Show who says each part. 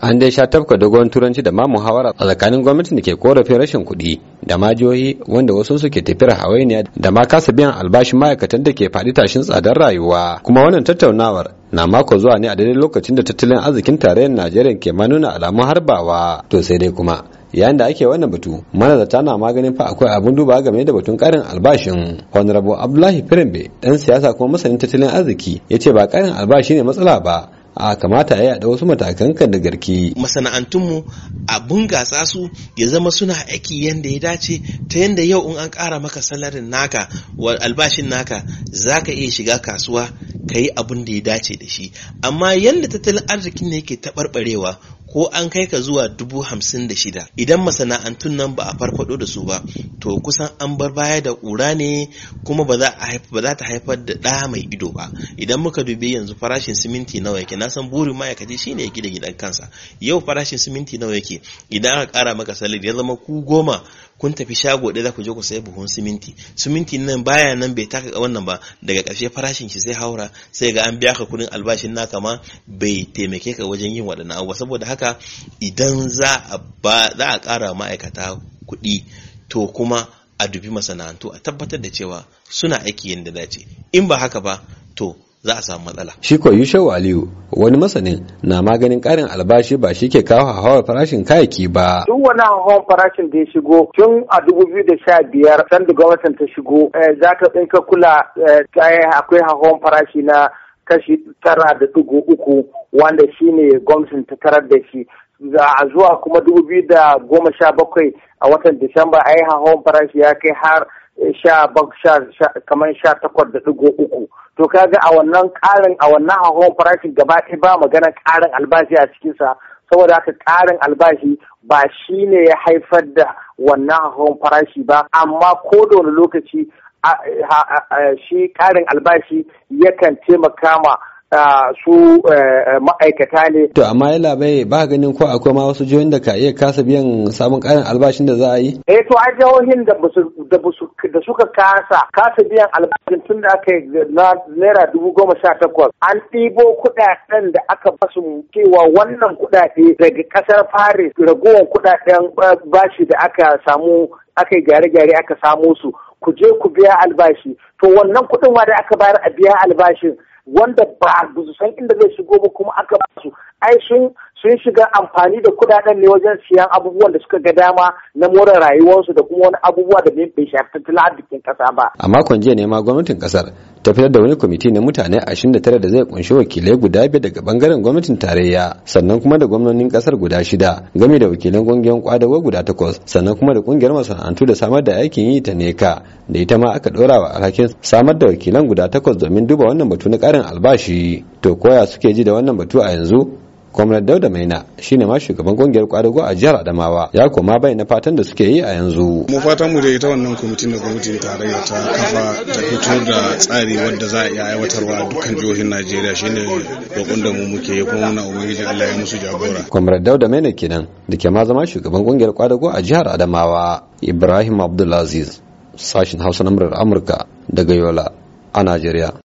Speaker 1: an dai sha tafka dogon turanci da ma muhawara a tsakanin gwamnatin da ke korafin rashin kuɗi da ma jihohi wanda wasu suke tafiyar hawainiya da ma kasa biyan albashin ma'aikatan da ke faɗi tashin tsadar rayuwa kuma wannan tattaunawar na mako zuwa ne a daidai lokacin da tattalin arzikin tarayyar najeriya ke ma nuna alamun harbawa to sai dai kuma yayin da ake wannan batu ta na maganin fa akwai abin duba game da batun karin albashin honorable abdullahi firimbe dan siyasa kuma masanin tattalin arziki ya ce ba karin albashi ne matsala ba a kamata a ya yada wasu matakan kan da garki
Speaker 2: masana'antunmu a bungasa su ya zama suna aiki yadda ya dace ta yadda yau in an ƙara maka salarin naka wa albashin naka za ka iya shiga kasuwa ka yi abin da ya dace da shi amma yadda tattalin arzikin ne yake taɓarɓarewa ko an kai ka zuwa dubu hamsin da shida idan masana'antun nan ba a farfado da su ba to kusan an bar baya da ƙura ne kuma ba za ta haifar da ɗa mai ido ba idan muka dubi yanzu farashin siminti nawa yake na san burin ma'aikaci shi ne gida gidan kansa yau farashin siminti nawa yake idan aka ƙara maka salari ya zama ku goma kun tafi shago ɗaya za ku je ku sayi buhun siminti siminti nan baya nan bai taka wannan ba daga ƙarshe farashin shi sai haura sai ga an biya ka kuɗin albashin naka ma bai taimake ka wajen yin waɗannan abubuwa saboda haka haka idan za a ba ƙara ma'aikata kuɗi to kuma a dubi masana'antu a tabbatar da cewa suna aiki yadda dace in ba haka ba to za a samu matsala.
Speaker 1: Shi ko Aliyu wani masanin na maganin karin albashi ba shi ke kawo hauhawar farashin kayaki ba.
Speaker 3: Duk wani hauhawar farashin da ya shigo tun a dubu biyu da sha biyar sanda gwamnatin ta shigo eh, za ka tsinka kula eh, akwai hawan farashi na kashi tara da ɗigo uku wanda shi ne gwamnatin ta tarar da shi a zuwa kuma dubu biyu da goma sha bakwai a watan disamba a yi hawan farashi ya kai har sha kamar sha takwas da digo uku to kaga a wannan karin a wannan hawan farashin gaba ɗaya ba magana karin albashi a cikinsa saboda haka karin albashi ba shi ne ya haifar da wannan hawan farashi ba amma ko da wani lokaci shi karin albashi yakan taimaka ma su eh, eh, ma'aikata ne. To amma
Speaker 1: ya labai ba ganin ko akwai ma wasu jihohin da ka iya kasa biyan samun ƙarin albashin da za a yi?
Speaker 3: Eh to a jihohin da suka kasa kasa biyan albashin tun da aka yi na naira dubu goma sha takwas an ɗibo kuɗaɗen da aka basu cewa wannan kuɗaɗe daga ƙasar Paris ragowar kuɗaɗen eh, bashi da aka samu aka yi gyare-gyare aka samo su ku je ku biya albashi to wannan kuɗin ma da aka bayar a biya albashin wanda ba su san inda zai shigo ba kuma aka ba su. ai sun sun shiga amfani da kudaden ne wajen siyan abubuwan da suka ga dama na more rayuwarsu da kuma wani abubuwa da bai shafi tattalin arzikin kasa ba
Speaker 1: a makon jiya ne ma gwamnatin kasar ta fitar da wani kwamiti na mutane 29 da zai kunshi wakilai guda biyar daga bangaren gwamnatin tarayya sannan kuma da gwamnonin kasar guda shida game da wakilan kungiyar kwadago guda takwas sannan kuma da kungiyar masana'antu da samar da aikin yi ta neka da ita ma aka dora wa alhakin samar da wakilan guda takwas domin duba wannan batu na karin albashi to koya suke ji da wannan batu a yanzu kwamrar dauda maina shine ma shugaban kungiyar kwadago a jihar adamawa ya koma bai na fatan da suke yi a yanzu
Speaker 2: mu fatan mu da ita wannan kwamitin da gwamnatin tarayya ta kafa ta fito da tsari wadda za a iya aiwatarwa a dukkan jihohin najeriya shine roƙon da mu muke kuma muna ubangiji allah ya musu jagora kwamrar
Speaker 1: dauda maina kenan da ke ma zama shugaban kungiyar kwadago a jihar adamawa ibrahim abdulaziz sashin hausa na murar amurka daga yola a najeriya